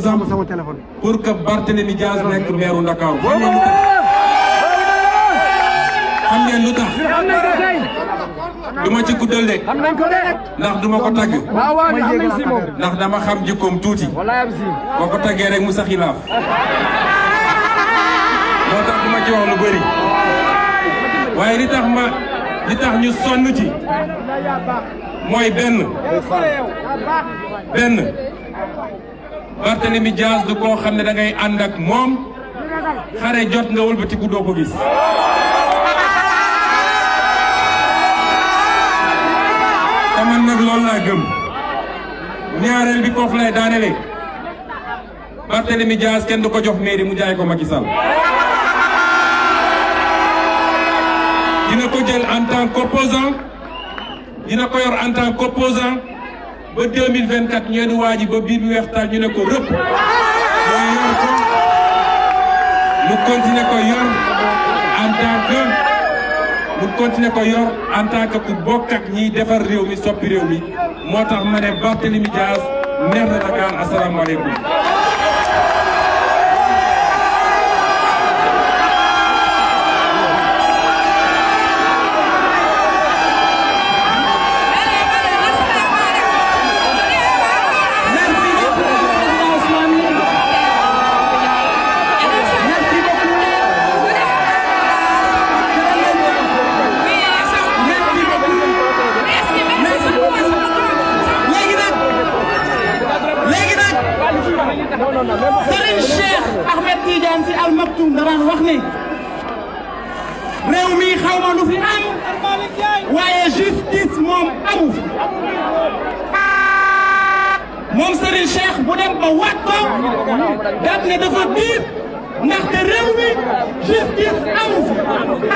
jox ma sama téléphone. pour que Barthélémy nekk meeru Ndakaaru. xam ngeen lu tax xam ngeen du ma ci guddal de. ndax du ko tagg. ndax dama xam jikkoom tuuti. boo ko taggee rek mu sax xilaaf. moo tax du ma bëri. waaye li ma li ñu sonn ci. mooy benn. benn. Barthélemy Dias du koo xam ne dangay ngay ànd ak moom xare jot nga wëlbatiku doo ko gis. te man nag loolu laa gëm ñaareel bi foofu lay daanele kenn du ko jox mairie mu jaay ko Macky Sall dina ko jël en tant dina ko yor en tant ba 2024 ngeen waa ji ba biir bu weex taal ñu ne ko rëpp mooy yor ko mu continuer ko yor en tant que mu continuer ko yor en tant bokk ak ñiy defar réew mi soppi réew mi moo tax ma ne Barthélémy Dias maire de Dakar asalaamaaleykum Maktoum daraan wax ne réew mi xaw ma lu fi am waaye justice moom amu fi moom Serigne Cheikh bu dem ba waat ko daf ne dafa tiit ndaxte réew mi justice amu fi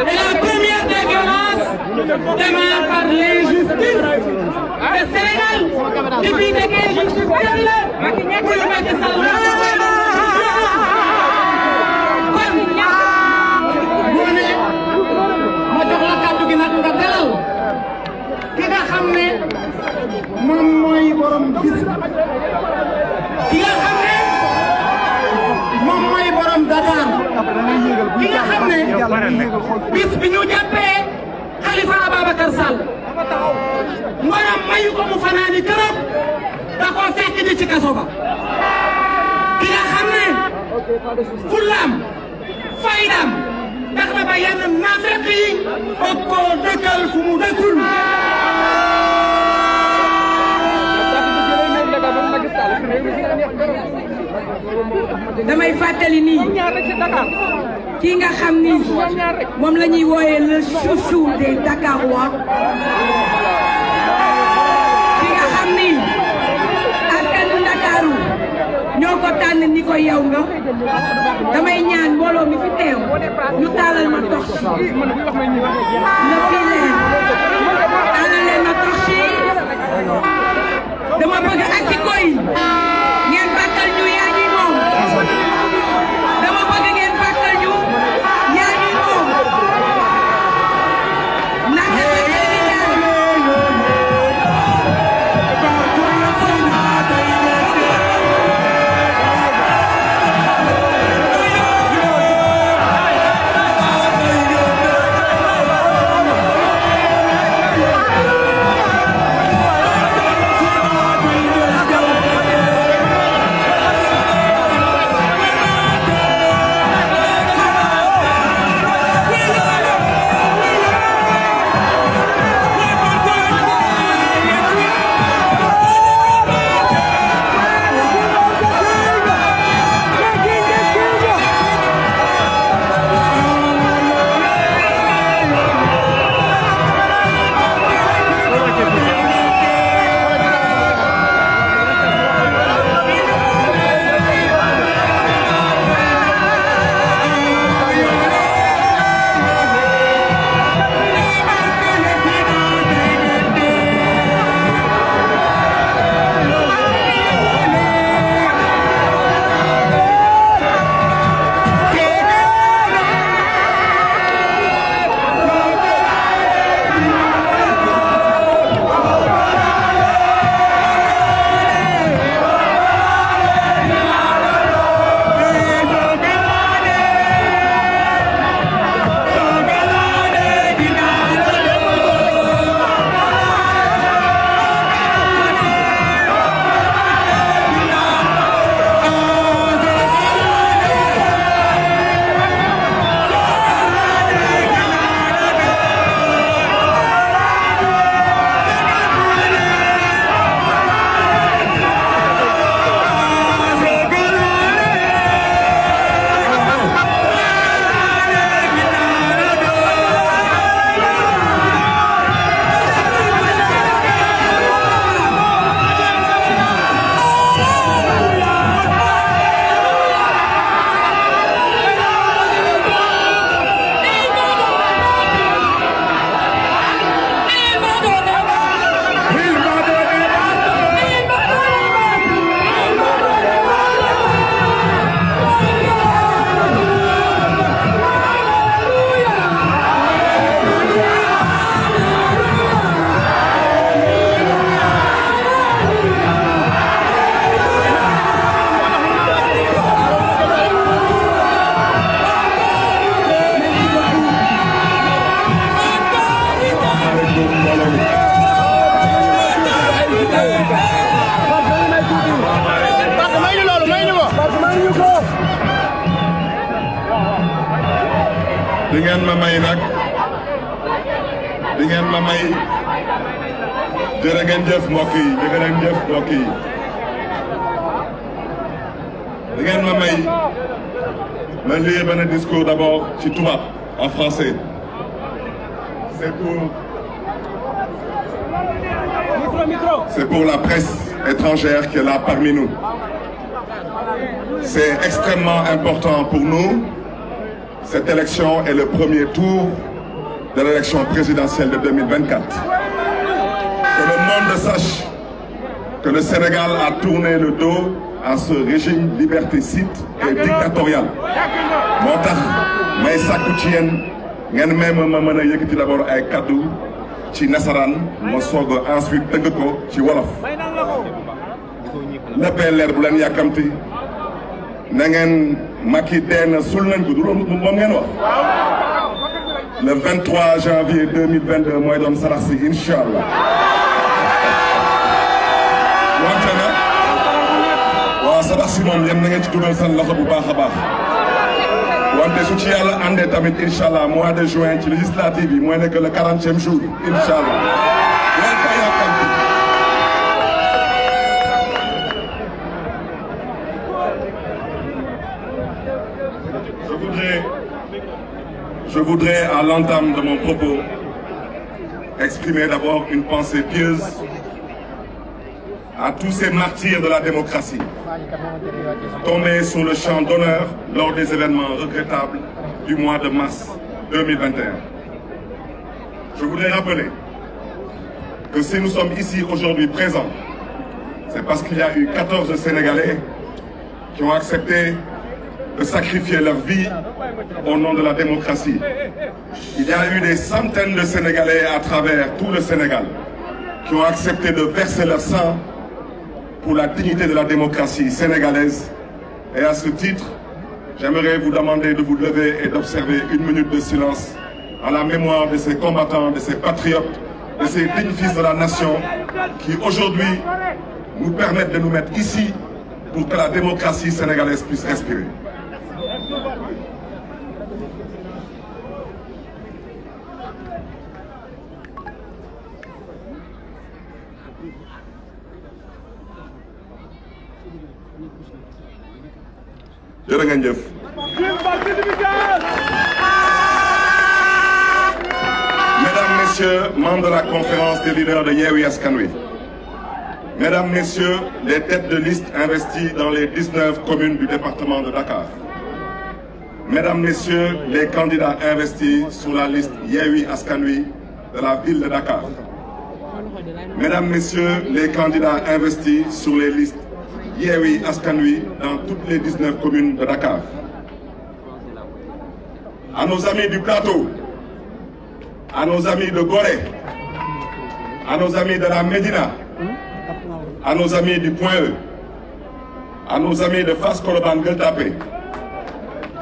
et la première des violences démarre par l'injustice le Sénégal depuis da ngeen justice yàlla muy Macky Sall moom mooy borom bis ki nga xam ne moom mooy borom Dakar ki nga xam ne bis bi ñu jàppee Khalifa Ababacar Sall ngoram mayu ko mu fanaani këram da koo fekk ji ci kaso ba ki nga xam ne fullaam faydaam tax na ba yenn naafeq yi bokkoo dëkkal fu mu dëkkul damay fàttali nii kii nga xam ni moom la ñuy wooyee le chouchou des Dakarois nga xam ni askanu Ndakaaru ñoo ko tànn ni ko yow nga damay ñaan mbooloo mi fi teew ñu taalal ma torche na fi leen taalal leen ma torche dama bëgg asiko yi ma may nag di ngeen ma may jërë ngeen jëf mbokk yi jërë ngeen jëf di ngeen may ma lire benn discours d'abord ci tubaab en français c'est pour c'est pour la presse étrangère qui est là parmi nous c'est extrêmement important pour nous cette élection est le premier tour de l'élection présidentielle de 2024. Que le monde sache que le Sénégal a tourné le dos à ce régime liberticide et dictatorial. moo mais may sàkku ci yéen ma d'abord ay Kadou, ci Nasaran, ensuite tëgg ko ci wolof léppee bu Macky dee na nañ ko du loolu moom ngeen wax. le 23 janvier 2022 mooy doon sarax si incha allah. wante nag waaw si moom yéen na ngeen ci dugal seen loxo bu baax a baax. wante ci yàlla àndee tamit incha allah mois de juin ci législative yi mooy nekk le quarantième jour incha allah. Je voudrais, à l'entame de mon propos, exprimer d'abord une pensée pieuse à tous ces martyrs de la démocratie, tombés sur le champ d'honneur lors des événements regrettables du mois de mars 2021. Je voudrais rappeler que si nous sommes ici aujourd'hui présents, c'est parce qu'il y a eu 14 Sénégalais qui ont accepté de sacrifier leur vie au nom de la démocratie. Il y a eu des centaines de Sénégalais à travers tout le Sénégal qui ont accepté de verser leur sang pour la dignité de la démocratie sénégalaise. Et à ce titre, j'aimerais vous demander de vous lever et d'observer une minute de silence à la mémoire de ces combattants, de ces patriotes, de ces dignes fils de la nation qui aujourd'hui nous permettent de nous mettre ici pour que la démocratie sénégalaise puisse respirer. Mesdames, Messieurs, membres de la conférence des leaders de Yéwi Askanui. Mesdames, Messieurs, les têtes de liste investies dans les 19 communes du département de Dakar. Mesdames, Messieurs, les candidats investis sur la liste Yéwi Askanui de la ville de Dakar. Mesdames, Messieurs, les candidats investis sur les listes Yewi dans toutes les 19 communes de Dakar. À nos amis du plateau, à nos amis de Gorée, à nos amis de la Médina, à nos amis du Point E, à nos amis de Fas Koloban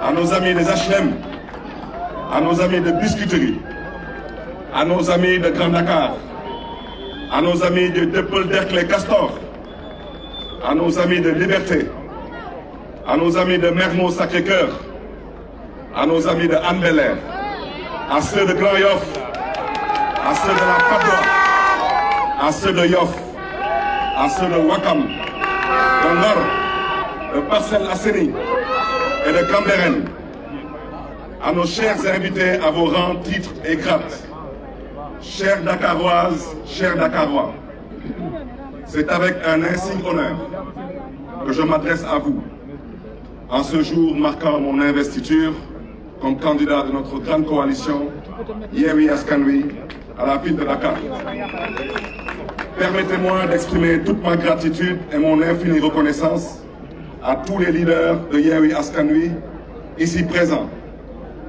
à nos amis des HLM, à nos amis de Biscuiterie, à nos amis de Grand Dakar, à nos amis de Depel les Castor, à nos amis de Liberté, à nos amis de Mermo Sacré-Cœur, à nos amis de Anne Belair, à ceux de Grand à ceux de la Patois, à ceux de Yoff, à ceux de Wakam, de Nord, de Parcel Asseni et de Camberen, à nos chers invités à vos rangs, titres et grattes, chers Dakaroises, chers Dakarois, c'est avec un insigne honneur que je m'adresse à vous en ce jour marquant mon investiture comme candidat de notre grande coalition Yéwi Askanwi, à la ville de Dakar. Permettez-moi d'exprimer toute ma gratitude et mon infinie reconnaissance à tous les leaders de à Askanwi, ici présents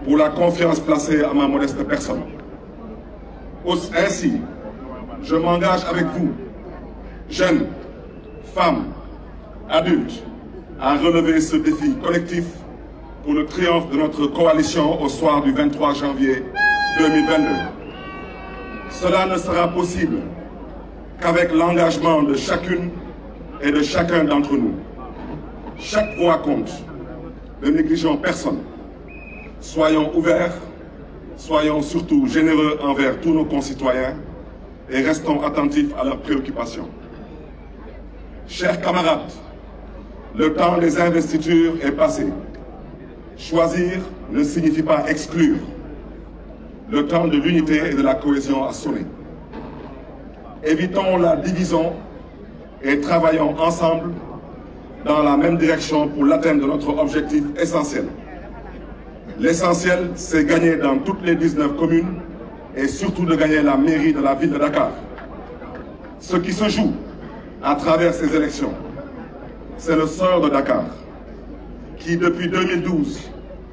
pour la confiance placée à ma modeste personne. Ainsi, je m'engage avec vous jeunes, femmes, adultes, à relever ce défi collectif pour le triomphe de notre coalition au soir du 23 janvier 2022. Cela ne sera possible qu'avec l'engagement de chacune et de chacun d'entre nous. Chaque voix compte. Ne négligeons personne. Soyons ouverts, soyons surtout généreux envers tous nos concitoyens et restons attentifs à leurs préoccupations. Chers camarades, le temps des investitures est passé. Choisir ne signifie pas exclure. Le temps de l'unité et de la cohésion a sonné. Évitons la division et travaillons ensemble dans la même direction pour l'atteinte de notre objectif essentiel. L'essentiel, c'est gagner dans toutes les 19 communes et surtout de gagner la mairie de la ville de Dakar. Ce qui se joue à travers ces élections, c'est le sort de Dakar qui, depuis 2012,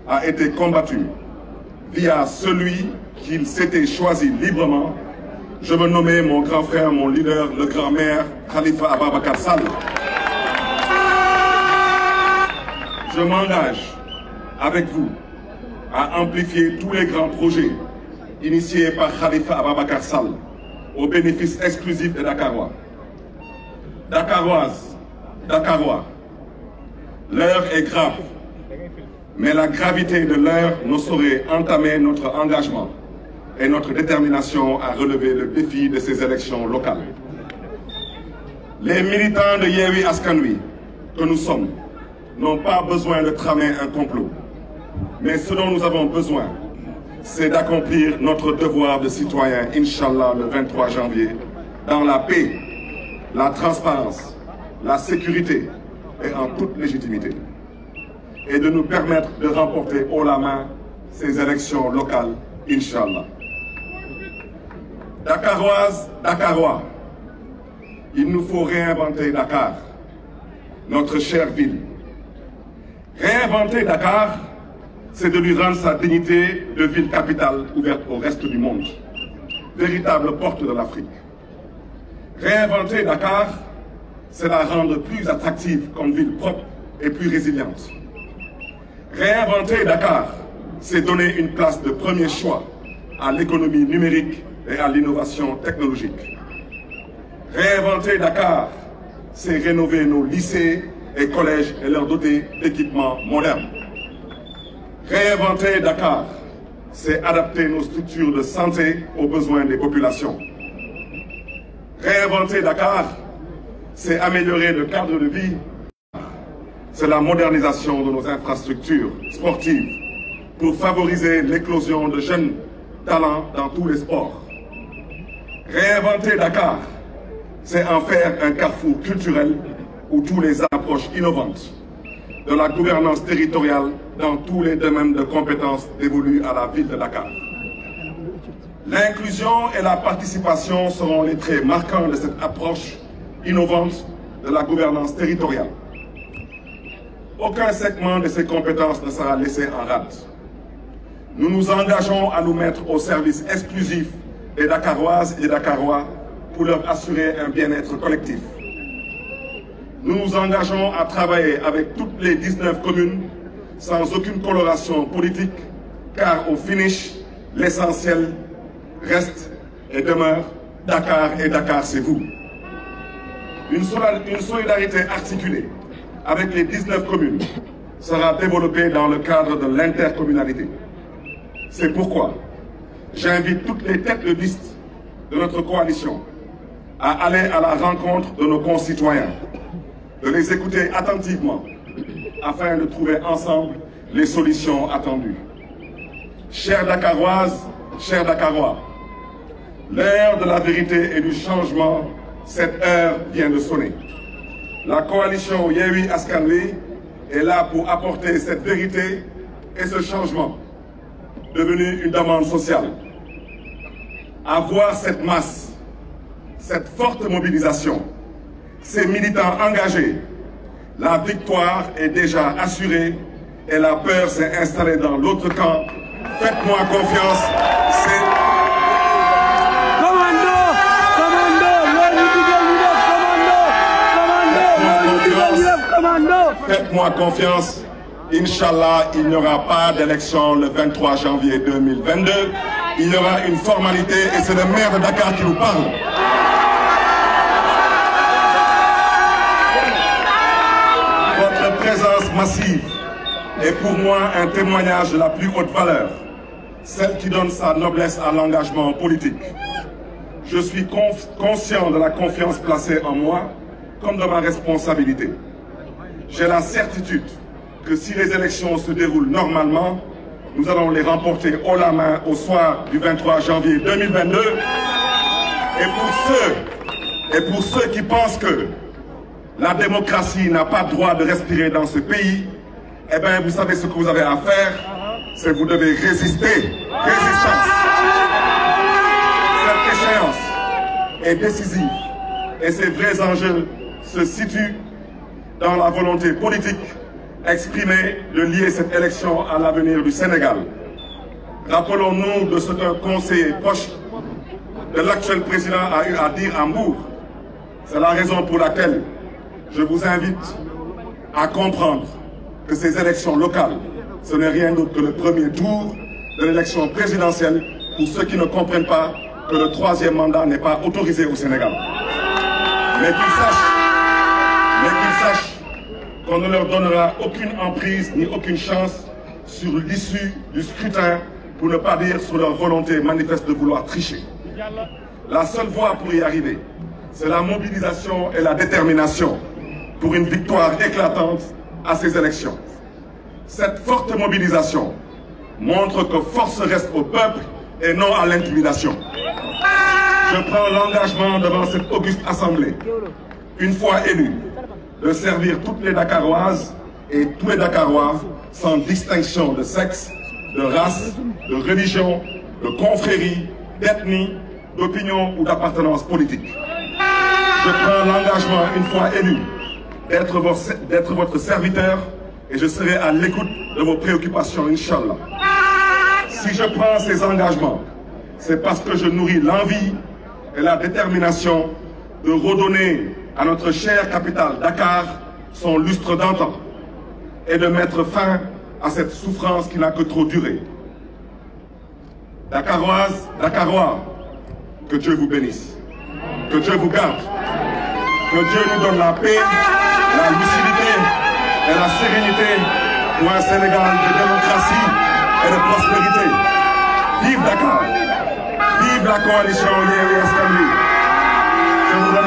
a été combattu via celui qu'il s'était choisi librement. Je veux nommer mon grand frère, mon leader, le grand-mère Khalifa Ababakar Sall. Je m'engage avec vous à amplifier tous les grands projets initiés par Khalifa Ababakar Sall au bénéfice exclusif des Dakarois. Dakaroises, Dakarois, l'heure est grave, mais la gravité de l'heure ne saurait entamer notre engagement et notre détermination à relever le défi de ces élections locales. Les militants de Yewi Askanui, que nous sommes, n'ont pas besoin de tramer un complot. Mais ce dont nous avons besoin, c'est d'accomplir notre devoir de citoyen, Inch'Allah, le 23 janvier, dans la paix la transparence, la sécurité et en toute légitimité. Et de nous permettre de remporter haut la main ces élections locales, Inch'Allah. Dakaroise, Dakarois, il nous faut réinventer Dakar, notre chère ville. Réinventer Dakar, c'est de lui rendre sa dignité de ville capitale ouverte au reste du monde, véritable porte de l'Afrique. Réinventer Dakar, c'est la rendre plus attractive comme ville propre et plus résiliente. Réinventer Dakar, c'est donner une place de premier choix à l'économie numérique et à l'innovation technologique. Réinventer Dakar, c'est rénover nos lycées et collèges et leur doter d'équipements modernes. Réinventer Dakar, c'est adapter nos structures de santé aux besoins des populations. Réinventer Dakar, c'est améliorer le cadre de vie, c'est la modernisation de nos infrastructures sportives pour favoriser l'éclosion de jeunes talents dans tous les sports. Réinventer Dakar, c'est en faire un carrefour culturel où tous les approches innovantes de la gouvernance territoriale dans tous les domaines de compétences évoluent à la ville de Dakar. L'inclusion et la participation seront les traits marquants de cette approche innovante de la gouvernance territoriale. Aucun segment de ces compétences ne sera laissé en rate. Nous nous engageons à nous mettre au service exclusif des Dakaroises et des Dakarois pour leur assurer un bien-être collectif. Nous nous engageons à travailler avec toutes les 19 communes sans aucune coloration politique, car au finish, l'essentiel reste et demeure Dakar et Dakar, c'est vous. Une solidarité articulée avec les 19 communes sera développée dans le cadre de l'intercommunalité. C'est pourquoi j'invite toutes les têtes de liste de notre coalition à aller à la rencontre de nos concitoyens, de les écouter attentivement afin de trouver ensemble les solutions attendues. Chers Dakaroises, chers Dakarois, L'heure de la vérité et du changement, cette heure vient de sonner. La coalition Yewi Askanwi est là pour apporter cette vérité et ce changement, devenu une demande sociale. Avoir cette masse, cette forte mobilisation, ces militants engagés, la victoire est déjà assurée et la peur s'est installée dans l'autre camp. Faites-moi confiance, c'est Faites-moi confiance. Inch'Allah, il n'y aura pas d'élection le 23 janvier 2022. Il y aura une formalité et c'est le maire de Dakar qui nous parle. Votre présence massive est pour moi un témoignage de la plus haute valeur, celle qui donne sa noblesse à l'engagement politique. Je suis conscient de la confiance placée en moi comme de ma responsabilité. J'ai la certitude que si les élections se déroulent normalement, nous allons les remporter haut la main au soir du 23 janvier 2022. Et pour ceux, et pour ceux qui pensent que la démocratie n'a pas le droit de respirer dans ce pays, eh bien, vous savez ce que vous avez à faire, c'est que vous devez résister. Résistance. Cette échéance est décisive et ses vrais enjeux se situent dans la volonté politique exprimée de lier cette élection à l'avenir du Sénégal. Rappelons-nous de ce qu'un conseiller proche de l'actuel président a eu à dire à Mour. C'est la raison pour laquelle je vous invite à comprendre que ces élections locales, ce n'est rien d'autre que le premier tour de l'élection présidentielle pour ceux qui ne comprennent pas que le troisième mandat n'est pas autorisé au Sénégal. Mais qu'ils sachent qu'on ne leur donnera aucune emprise ni aucune chance sur l'issue du scrutin, pour ne pas dire sur leur volonté manifeste de vouloir tricher. La seule voie pour y arriver, c'est la mobilisation et la détermination pour une victoire éclatante à ces élections. Cette forte mobilisation montre que force reste au peuple et non à l'intimidation. Je prends l'engagement devant cette auguste assemblée, une fois élue, de servir toutes les Dakaroises et tous les Dakarois sans distinction de sexe, de race, de religion, de confrérie, d'ethnie, d'opinion ou d'appartenance politique. Je prends l'engagement, une fois élu, d'être votre, votre serviteur et je serai à l'écoute de vos préoccupations, Inch'Allah. Si je prends ces engagements, c'est parce que je nourris l'envie et la détermination de redonner à notre chère capitale Dakar son lustre d'antan et de mettre fin à cette souffrance qui n'a que trop duré. Dakaroise, Dakarois, que Dieu vous bénisse, que Dieu vous garde, que Dieu nous donne la paix, la lucidité et la sérénité pour un Sénégal de démocratie et de prospérité. Vive Dakar, vive la coalition Yéli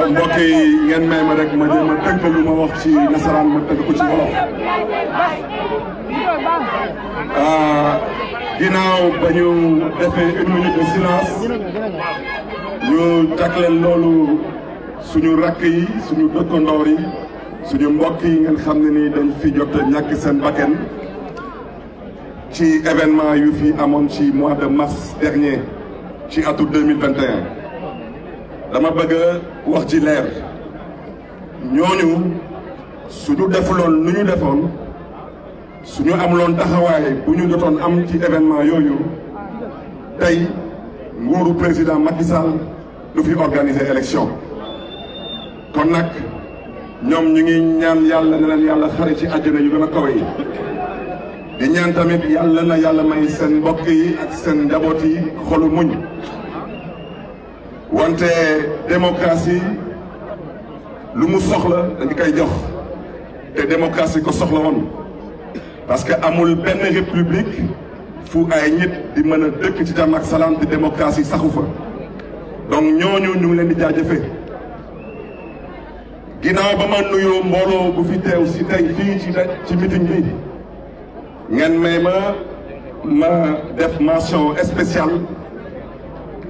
waaw mbokk yi ngeen may ma rek ma jéem a ah, ginnaaw ba ñu defee une minute de silence ñu jagleel loolu suñu rakk yi suñu dëkkandoor yi suñu mbokk yi ngeen xam ne ni dañ fi jot ñàkk seen bakken ci événement yu fi amoon ci mois de mars dernier ci atu 2021 dama bëgg wax ci leer ñooñu suñu defuloon lu ñu defoon suñu amuloon taxawaay bu ñu jotoon am ci événement yooyu tey nguuru président Macky Sall du fi organiser élection kon nag ñoom ñu ngi ñaan yàlla na leen yàlla xare ci àjjana yu gën a kawe yi di ñaan tamit yàlla na yàlla may seen mbokk yi ak seen njaboot yi xolu muñ wante démocratie lu mu soxla dañ koy jox te démocratie ko soxla won parce que amul république fu ay di dëkk ci di démocratie saxufa donc nous ñu ngi leen di nous, ginaaw ba ma nuyo mbolo bu fi ci ci meeting bi mention spéciale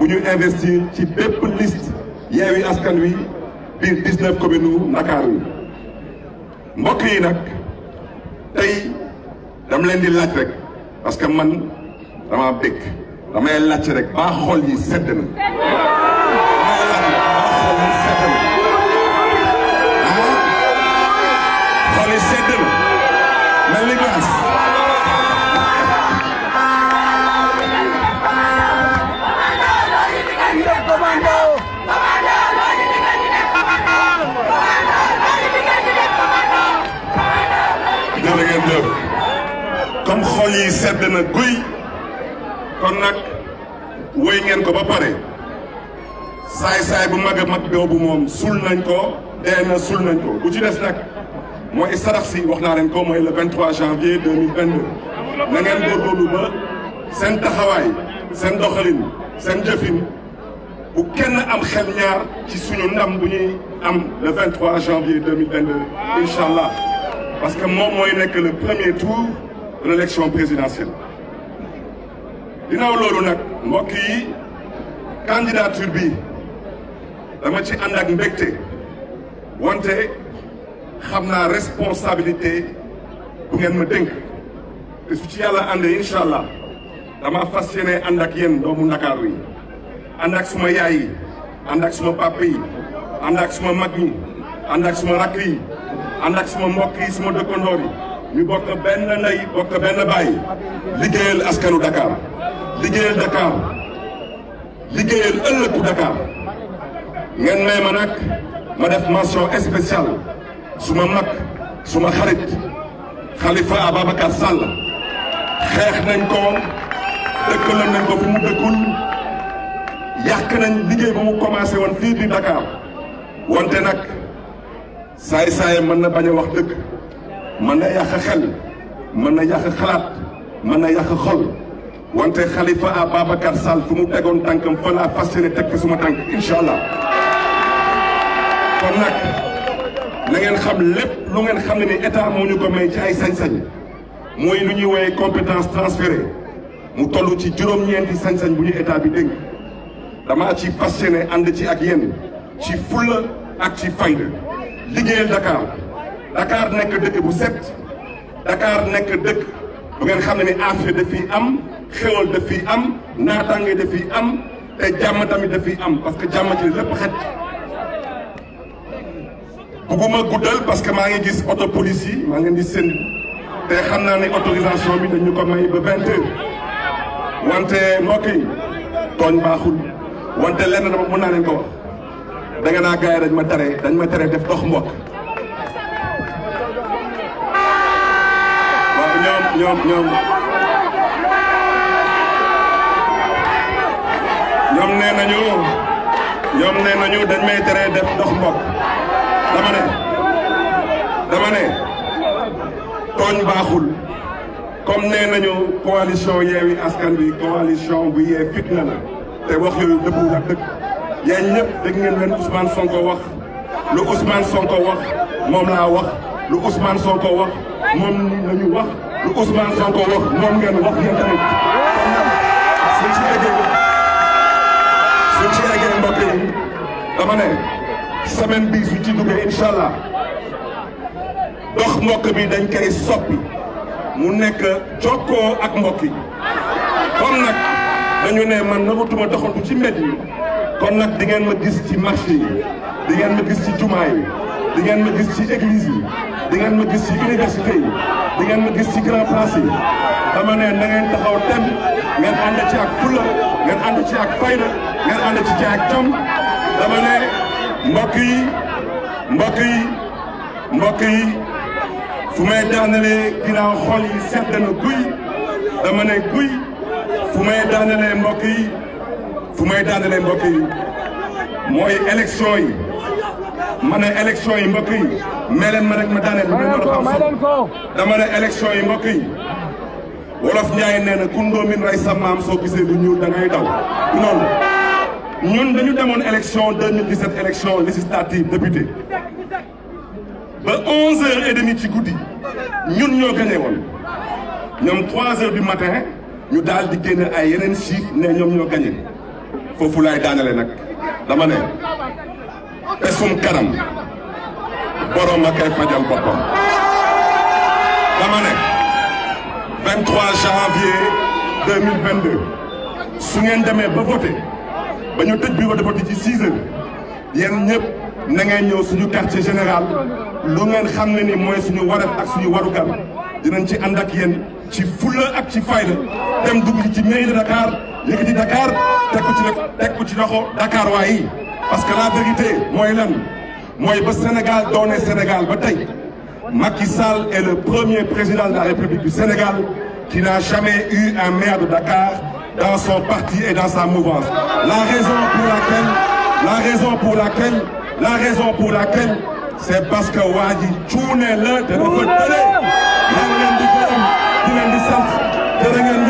bu ñu investir ci bépp liste Yewwi Askan Wi biir 19 communes u Ndakaaru yi mbokk yi nag tey dam leen di laaj rek parce que man dama bëgg damay laaj rek baa xol yi sedd na damay yi sedd na ah xol yi sedd xol yi sedd na guy kon nak way ngeen ko ba paré say say bu magga a mag mom sul nañ ko déna sul nañ ko bu ci dess nak moy sarax si wax naa ko moy le 23 janvier 2022 na ngeen góorgóorlu ba sen taxaway sen doxalin sen jëfin bu kenn am xel ñaar ci suñu ndam bu ñuy am le 23 janvier 2022 inshallah parce que mom moy nek le premier tour de l'élection présidentielle ginnaaw loolu nag mbokk yi bi dama ci ànd ak mbégte wante xam naa responsabilité bu ngeen ma dénk te su ci yàlla àndee allah dama fas yéene ànd ak yéen doomu Ndakaaru yi ànd suma yaay yi ànd suma papa yi ànd suma mag yi ànd suma rakk yi suma mbokk suma dëkkandoor yi ñu bokk benn lay bokk benn bàyyi liggéeyal askanu Dakar liggéeyal Dakar liggéeyal ëllëgu Dakar ngeen may ma nag ma def mention spéciale suma mag suma xarit Khalifa Ababacar Sall xeex nañ ko dëkkaloon nañ ko fu mu dëkkul yàq nañ liggéey ba mu commencé woon fii di Dakar wante nag saay-saay mën na bañ a wax dëgg. man na yàq xel mën na yàq xalaat mën na yàq xol wante xalifa Khalifa Ababacar Sall fu mu tegoon tànkam fa laa fas yéene teg suma tànk incha allah kon nag na ngeen xam lépp lu ngeen xam ne ni état moo ñu ko may ci ay sañ mooy lu ñuy woowee compétence transférée mu toll ci juróom-ñeenti sañsañ bu ñu état bi dénk damaa ci fas yéene ànd ci ak yéen ci fulla ak ci fayda liggéeyal Dakar. Dakar nekk dëkk bu set Dakar nekk dëkk bu ngeen xam ne ni affaire daf fiy am xéwal daf fiy am naataange daf fiy am te jàmm tamit daf fiy am parce que jàmm ci lépp xet. bugguma guddal parce que maa ngi gis auto police yi maa ngi di seen te xam naa ne autorisation bi dañu ko may ba vingt heures wante mbokk yi tooñ baaxul wante lenn dama mën naa leen ko wax danga naa gars yi dañ ma tere dañ ma tere def dox mbokk. ñoom ñoom ñoom nee nañu ñoom nee nañu dañ may tere def dox mbokk dama ne dama ne tooñ baaxul comme nee nañu coalition Yewwi Askan Wi coalition bu yee fitna la te wax yooyu dëppul ak dëkk yéen ñëpp dégg ngeen leen Ousmane Sonko wax lu Ousmane Sonko wax moom laa wax lu Ousmane Sonko wax moom la wax lu Ousmane Sonko wax moom ngeen wax ngeen tamit suñ ci eggee suñ ci eggee mbokk dama ne semaine bii suñ ci duggee incha allah dox mbokk bi dañ koy soppi mu nekk jokkoo ak mbokk yi kon nag dañu ne man nangatuma doxantu ci mbedd yi kon nag di ngeen ma gis ci marché yi di ngeen ma gis ci jumaa yi di ngeen ma gis ci église yi di ngeen ma gis ci université yi di ngeen ma gis ci grand dama ne na ngeen taxaw tem ngeen ànd ci ak fulla ngeen ànd ci ak fayda ngeen ànd ci ci ak jom dama ne mbokk yi mbokk yi mbokk yi fu may daanelee ginnaaw xol yi na guy dama ne guy fu may daanelee mbokk yi fu may daanelee mbokk yi mooy élection yi ma ne élection yi mbokk yi may leen ma rek ma daaneel ma leen ko may leen dama ne élection yi mbokk yi wolof ñay nee na kundoo min rey sa maam so gisee du ñuul da ngay daw noonu ñun dañu demoon élection 2017 élection législative député ba 11 h et demi ci goudi ñun ñoo gagné won ñom 3h du matin ñu dal di génne ay yeneen chiffres ne ñom ñoo gagné foofu laay daanale nag dama ne pesum karam borom a koy fajal boppam dama ne 23 janvier 2022 su ngeen demee ba voter ba ñu tëj bureau de vote ci 6 heures yéen ñëpp na ngeen ñëw suñu quartier général lu ngeen xam ne ni mooy suñu wareef ak suñu warugal dinañ ci ànd ak yéen ci fulla ak ci fayda dem dugg ci mairie de Dakar yëkkati Dakar teg ko ci teg ko ci loxo Dakar waa yi parce que la vérité mooy lan. Moi, ba Sénégal le Sénégal ba Macky Sall est le premier président de la République du Sénégal qui n'a jamais eu un maire de Dakar dans son parti et dans sa mouvance. La raison pour laquelle, la raison pour laquelle, la raison pour laquelle, c'est parce que wadi tu cuune la te de tële.